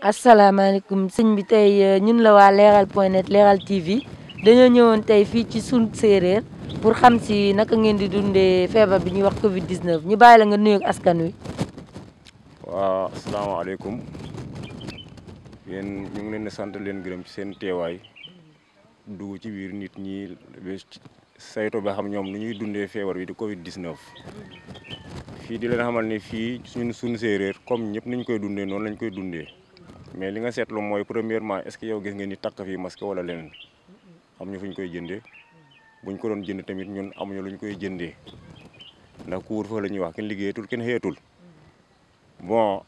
asalaamaaleykum siñ bi tey euh, ñun la waa leeral point net leeral TV dañoo ñëwoon tey fii ci suñ séeréer pour xam si naka ngeen di dundee feebar bi ñuy wax Covid 19 ñu bàyyi la nga nuyoog askan wi. waaw asalaamaaleykum yéen ñu ngi leen di leen gërëm ci seen teewaay dugg ci biir nit ñi saytu ba xam ñoom nu ñuy dundee feebar bi di Covid 19. fii di leen xamal ne fii suñu suñ séeréer comme ñëpp nañ koy dundee noonu lañu koy dundee. mais li nga seetlu mooy premièrement est-ce que yow gis nga ni takk fii masque wala leneen xam ñu fu ñu koy jëndee buñ ko doon jënd tamit ñun amuñu ñu koy jëndee ndax couvre-feu la ñuy wax kenn liggéeyatul kenn bon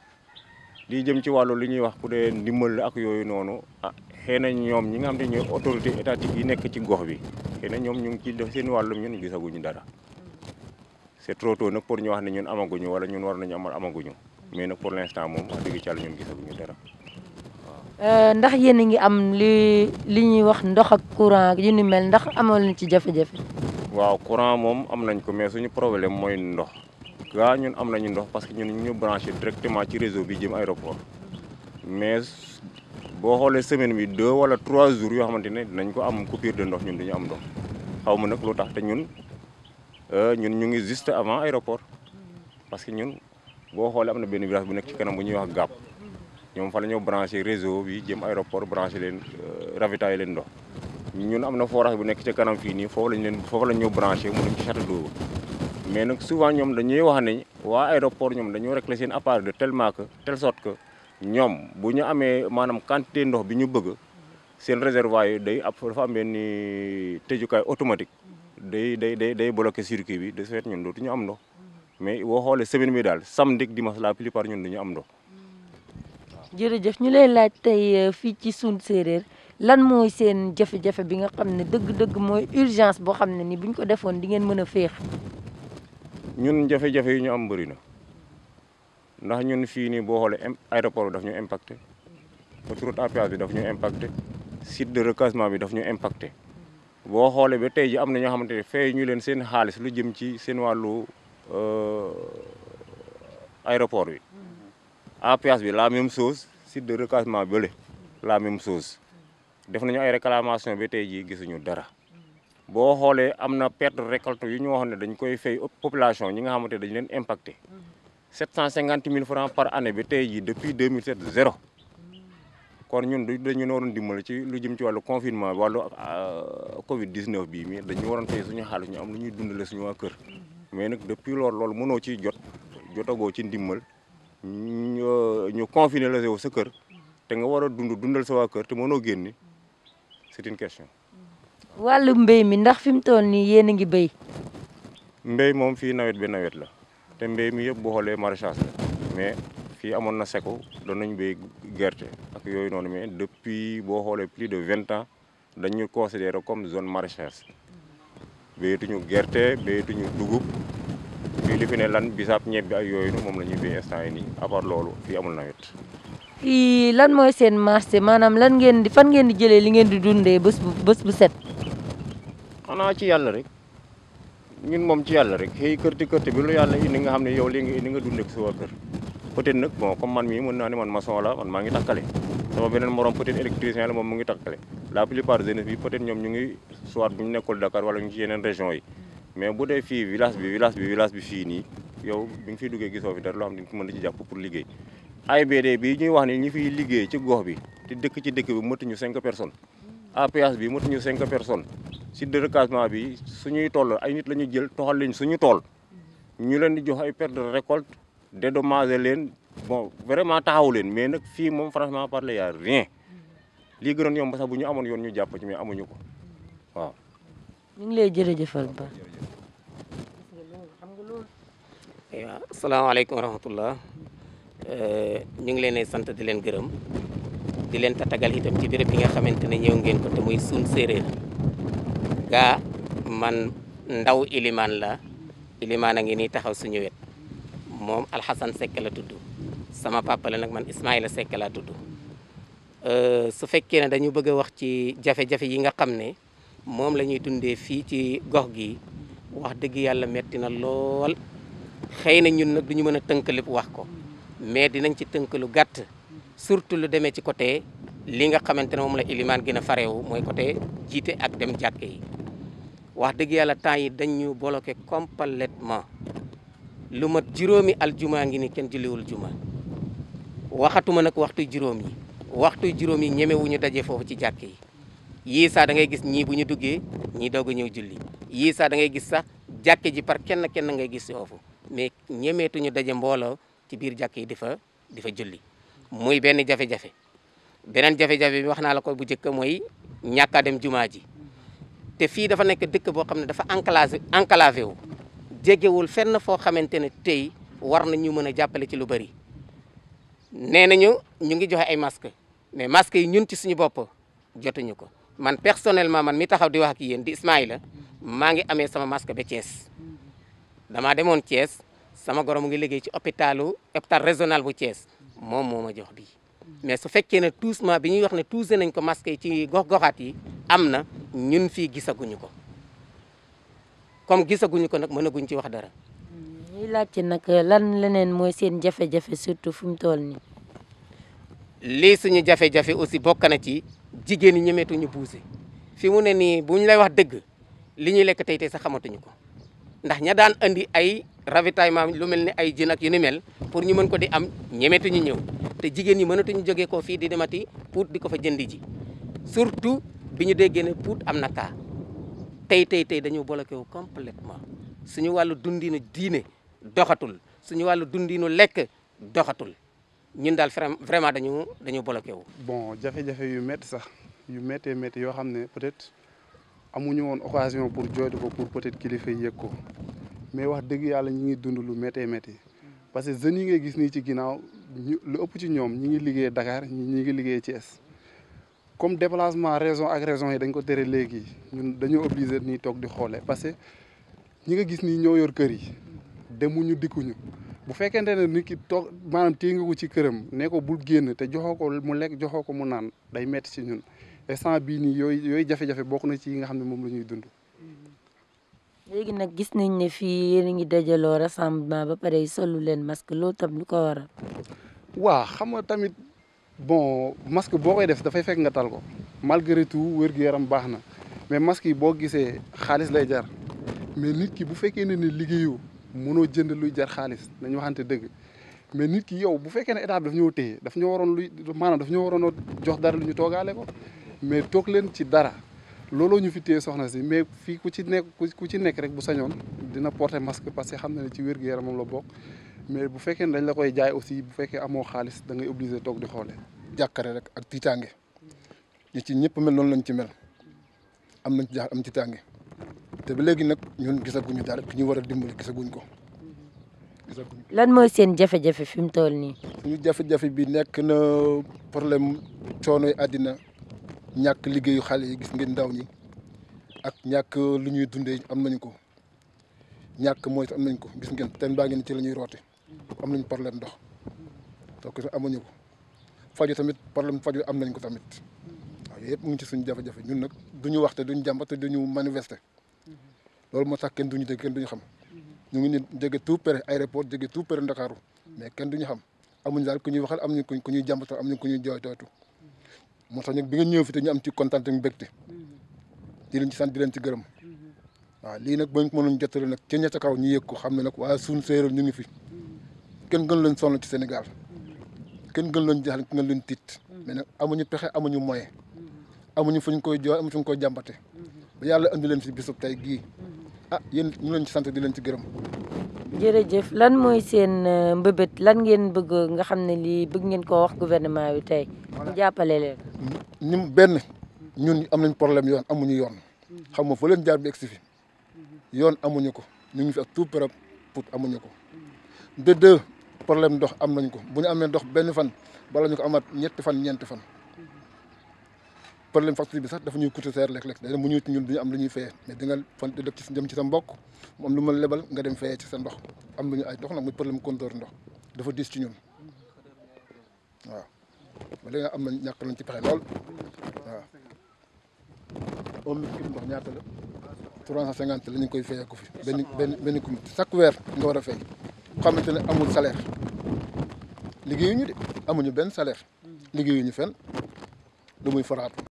di jëm ci wàllu li ñuy wax ku dee ndimbal ak yooyu noonu ah xëy na ñoom ñi nga xam ne ñooy autorité étatique yi nekk ci gox bi xëy na ñoom ñu ngi ciy def seen wàllum ñun gisaguñu dara c'est trop tôt nag ñu wax ne ñun amaguñu wala ñun war nañu amal amaguñu mais nag pour l'instant moom wax dëgg ci Yàlla ñun gisaguñu dara. Euh, ndax yéen a ngi am li li ñuy wax ndox ak courant yu ni mel ndax amoon nañ ci jafe-jafe. waaw courant moom am nañ ko mais suñu problème mooy ndox gaa ñun am nañu ndox parce que ñun ñu branché directement ci réseau bi jëm aéroport mais boo xoolee semaine bi deux wala trois jours yoo xamante ne dinañ ko am coupure de ndox ñun dañu am ndox xaw ma nag lu tax te ñun euh, ñun ñu ngi juste avant aéroport parce que ñun boo xoolee am na benn village bu nekk ci kanam bu ñuy wax Gàpp. ñoom fa la ñoo branché réseau bi jëm aéroport branché leen euh, ravitaillé leen ndox ñun am na forage bu nekk ca kanam fii nii foofu lañ leen foofu lañ ñoo branché mu dem ci château mais nag souvent ñoom dañuy wax ne waa aéroport ñoom dañoo réglé seen appareil de tellement que telle sorte que ñoom bu ñu amee maanaam quantité ndox bi ñu bëgg seen réservoir yi day ab dafa am benn euh, tëjukaay automatique day day day day bloqué circuit bi de ce fait ñun dootuñu am ndox mais boo xoolee semaine bi daal sam ak dimanche la plupart ñun dañu am ndox. jërëjëf ñu lay laaj tey euh, fii ci suun séeréer lan mooy seen jafe-jafe bi nga xam ne dëgg-dëgg mooy urgence boo xam ne ni buñ ko defoon di ngeen mën a feex ñun jafe yi ñu am bëri na ndax ñun fii nii boo xoolee aéroport bi daf ñu impacté autoroute bi daf ñu impacté site de recasement bi daf ñu impacté boo xoolee ba tey ji am na ñoo xamante ne fay ñu leen seen xaalis lu jëm ci seen wàllu euh, aéroport bi. APS bi la même chose site de recasement bële la même chose def nañu ay réclamation ba tey jii gisuñu dara boo xoolee am na perte récolte yu ñu waxoon ne dañ koy fay population ñi nga xamante dañ leen impacté 750 000 francs par année ba tey jii depuis 2007 zéro kon ñu du dañu waroon dimbali ci lu jëm ci wàllu confinement wàllu euh, Covid 19 bii mi dañu waroon fay suñu xaal ñu am lu ñuy dundale suñu waa kër mais nag depuis loolu loolu mënoo ci jot jotagoo ci ndimbal ñu confiner la yow sa kër te nga war a dund dundal sa waa kër te mënoo génni c'est une question. wàllu mbéy mi ndax fi mu toll nii yéen a ngi béy. mbéy moom fii nawet bi nawet la te mbéy mi yëpp boo xoolee maraîchage la mais fii amoon na seko doon nañ béy gerte ak yooyu noonu mais depuis boo xoolee plus de vingt ans dañu considéré comme zone maraîchage béyatuñu gerte béyatuñu dugub. li fi ne lan bisaab ñebbi ak yooyu moom la ñuy béy instant yi nii à part loolu fii amul nawet. fii lan mooy seen marché maanaam lan ngeen di fan ngeen di jëlee li ngeen di dundee bés bu bés bu set. xanaa ci yàlla rek ñun moom ci yàlla rek xëy kërti kërti bi lu yàlla indi nga xam ne yow li nga indi nga dundee kër peut-être bon comme man mii mën naa ne man maçon la man maa ngi takkale sama beneen morom peut-être électricien la moom mu ngi takkale la plupart jeunesse bi mais bu dee fii village bi village bi village bi fii nii yow bi nga fiy duggee gisoo fi dara loo xam ne mën na ci jàpp pour liggéey AIBD bii ñuy wax ni ñu fiy liggéey ci gox bi te dëkk ci dëkk bi mëtuñu cinq personnes APS bi mëtuñu cinq personnes si recasement bi suñuy toll ay nit la ñu jël toxal leen suñu tool ñu leen di jox ay perte de récolte dédommager leen bon vraiment taxawu leen mais nag fii moom franchement parler y a rien lii gënoon yomb sax bu ñu amoon yoon ñu jàpp ci mais amuñu ko waaw asalaamaaleykum wa rahmatullah eh, ñu ngi leen sant di leen gërëm di leen tatagal itam ci béréb bi nga xamante ne ñëw ngeen ko te muy suun séeréer gaa man ndaw ilimaan la ilimaan a ngi nii taxaw suñu wet moom alxasan Seck la tudd sama papa nag man Ismaïla Seck laa tudd eh, su fekkee ne dañu bëgg a wax ci jafe-jafe yi nga xam ne moom la ñuy dundee fii ci gox gi wax dëgg yàlla metti na lool xëy na ñun nag du ñu mën a tënk lépp wax ko mais dinañ ci tënkalu gàtt surtout lu demee ci côté li nga xamante ne moom la ilimaan gën a farewu mooy côté jiite ak dem jàkke yi wax dëgg yàlla temps yi dañ ñu bloqué complètement lu mat juróomi aljuma ngi ni kenn julliwul juma waxatuma nag waxtu juróom yi waxtu juróom yi ñemewuñu daje foofu ci jàkke yi yii saa da gis ñii bu ñu duggee ñii doog ñëw julli yii saa da ngay gis sax jàkke ji par kenn kenn ngay gis foofu ñemeetuñu daje mbooloo ci biir jàkk yi di fa di fa julli muy benn jafe-jafe beneen jafe-jafe bi wax naa la ko bu njëkk mooy ñàkk dem jumaa ji te fii dafa nekk dëkk boo xam ne dafa enclavé enclavé wu jegewul fenn foo xamante ne tey war nañu mën a jàppale ci lu bëri nee nañu ñu ngi joxe ay masques mais masques yi ñun ci suñu bopp jotuñu ko man personnellement man mi taxaw di wax kii yéen di Ismaïla maa ngi amee sama masque ba cees dama demoon Thiès sama goro mu ngi liggéey ci hôpitalu hôpital régional bu cees moom moo ma jox bi mais su fekkee ne toussement bi ñuy wax ne toussé nañ ko masque yi ci gox-goxaat yi am na ñun fii gisaguñu ko comme gisaguñu ko nag mënaguñ ci wax dara. ñuy laajte nag lan leneen mooy seen jafe-jafe surtout fu mu toll nii. lii suñu jafe-jafe aussi bokk na ci jigéen ñi ñemeetuñu buuse fi mu ne nii ñu lay wax dëgg li ñuy lekk tey tey sa xamatuñu ko ndax ña daan andi ay. ravitaillement lu mel ni ay jën ak yu ni mel pour ñu mën ko di am ñemetuñu ñëw te jigéen ñi mënatuñu jógee koo fii di demati Pout di ko fa jëndi ji surtout bi ñu déggee ne Pout am na kaa tey tey tey dañoo bloqué wu complètement suñu wàllu dundinu diine doxatul suñu wàllu dundinu lekk doxatul ñun daal vraiment dañu dañu bloqué wu. bon jafe-jafe yu métti sax yu méttee métti yoo xam ne peut-être amuñu woon occasion pour jooytu ko pour peut-être kilifa yëg ko. mais wax dëgg yàlla ñi ngi dund lu méttee métti parce que jeunes yi ngay gis nii ci ginnaaw lu ëpp ci ñoom ñi ngi liggéey Dakar ñi ngi liggéey es comme déplacement raison ak raison yi dañ ko tere léegi ñun dañoo obligé nii toog di xoole parce que ñi nga gis nii ñoo yor kër yi demuñu dikkuñu bu fekkente ne nit ki toog maanaam téye nga ko ci këram ne ko bul génn te joxoo ko mu lekk joxoo ko mu naan day metti ci ñun instant bii nii yooyu yooyu jafe-jafe bokk na ci yi nga xam ne moom la ñuy dund léegi nag gis nañ ne fii yéen a ngi dajaloo rassemblement ba pare solu leen masque loo tam lu ko waral. waa xam nga tamit bon masque boo koy def dafay fekk nga tal ko malgré tout wér-gu-yaram baax na mais masque yi boo gisee xaalis lay jar mais nit ki bu fekkee ne ni liggéeyoo mënoo jënd luy jar xaalis nañu waxante dëgg mais nit ki yow bu fekkee ne état daf ñoo téye daf ñoo waroon luy maanaam daf ñoo waroon jox dara lu ñu toogaale ko mais toog leen ci dara. looloo ñu fi téye soxna si mais fii ku ci nekk ku ci nekk rek bu sañoon dina porter masque parce que xam na ne ci wér-gu-yaramam la bokk mais bu fekkee ne dañ la koy jaay aussi bu fekkee amoo xaalis da ngay toog di xoolee. jàkkare rek ak tiitaange ñi ci ñëpp mel noonu lañ ci mel am nañ ci jaax am tiitaange te ba léegi nag ñun gisaguñu dara ki ñu war a dimbali gisaguñ ko. gisaguñ ko lan mooy seen jafe-jafe fi mu toll nii. suñu jafe-jafe bi nekk na problème coonoy àddina. ñàkk liggéeyu xale yi gis ngeen ndaw ñi ak ñàkk lu ñuy dundee am nañu ko ñàkk mooy am nañ ko gis ngeen teen baa ngeen ci la ñuy roote am nañu problème ndox donc amuñu ko faju tamit problème faju am nañ ko tamit waaw yooyu mu ngi ci suñ jafe-jafe ñun nag duñu wax te duñu jàmbat te duñu manifester loolu moo tax kenn duñu duñu xam ñu ngi nii jóge tout près aéroport jóge tout près Ndakaaru mais kenn ñu xam am amuñu daal ku ñuy waxal am ñu ku ñuy jàmbatoo am ñu ku ñuy jooytootu moo tax bi nga ñëw fi te ñu am ci kontaan ak mbégte di leen ci sant di leen ci gërëm waaw lii nag bañ mënuñ jottali nag ca ña ca kaw ñu yëg ko xam ne nag waa suñ séeréer ñu ngi fii kenn gën leen sonn ci senegal kenn gën leen jaaxle kenn gën leen tiit mais nag amuñu pexe amuñu moyen amuñu fuñ koy jooy amuñu fuñ koy jàmbate ba yàlla andi leen fi bisub tey gii ah yéen ñu ci sant di leen ci gërëm jërëjëf lan mooy seen euh, mbëbët lan ngeen bëgg nga xam ne lii bëgg ngeen ko wax gouvernement bi tey ñu jàppale leen ni benn ñun am nañ problème yoon amuñu yoon xam nga fa leen jaar bi egsi fi yoon amuñu ko ñu ngi fi ak tout près pour amuñu ko de deux problème ndox am nañ ko bu ñu amee ndox benn fan bala ñu ko amaat ñetti fan ñeenti fan problème facture bi sax dafa ñuy coûter cher lekk-lekk day mu ñëw ci ñun duñu am lu ñuy fayee mais da nga fan def ci dem ci sa mbokk mu am lu ma lebal nga dem fayee ci sa ndox am lu ay ndox nag muy problème compteur ndox dafa diis ci ñun waaw ba da nga am na ñàkk nañ ci pexe lool waaw ñaata la trois cent la ñu koy fayee fi benn benn benn chaque weer nga war a fay xamante ne amul salaire liggéeyuñu de amuñu benn salaire liggéeyuñu fenn lu muy faraatu